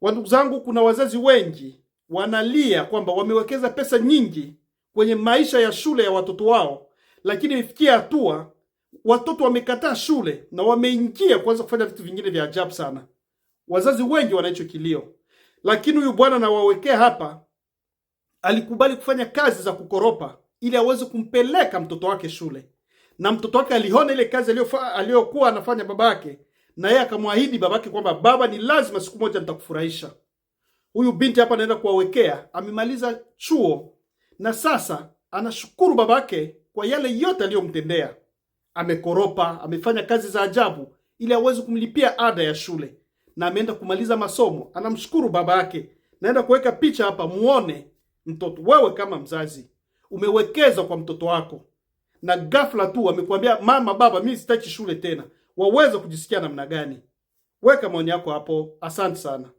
Wandugu zangu, kuna wazazi wengi wanalia kwamba wamewekeza pesa nyingi kwenye maisha ya shule ya watoto wao, lakini ifikia hatua watoto wamekataa shule na wameingia kuanza kufanya vitu vingine vya ajabu sana. Wazazi wengi wanaicho kilio, lakini huyu bwana nawawekea hapa alikubali kufanya kazi za kukoropa ili aweze kumpeleka mtoto wake shule, na mtoto wake aliona ile kazi aliyokuwa anafanya baba yake na yeye akamwahidi babake kwamba baba, ni lazima siku moja nitakufurahisha. Huyu binti hapa anaenda kuwawekea, amemaliza chuo na sasa anashukuru babake kwa yale yote aliyomtendea. Amekoropa, amefanya kazi za ajabu ili aweze kumlipia ada ya shule, na ameenda kumaliza masomo. Anamshukuru baba yake. Naenda kuweka picha hapa muone mtoto. Wewe kama mzazi umewekeza kwa mtoto wako, na ghafla tu amekwambia mama, baba, mimi sitaki shule tena waweze kujisikia namna gani. Weka maoni yako hapo. Asante sana.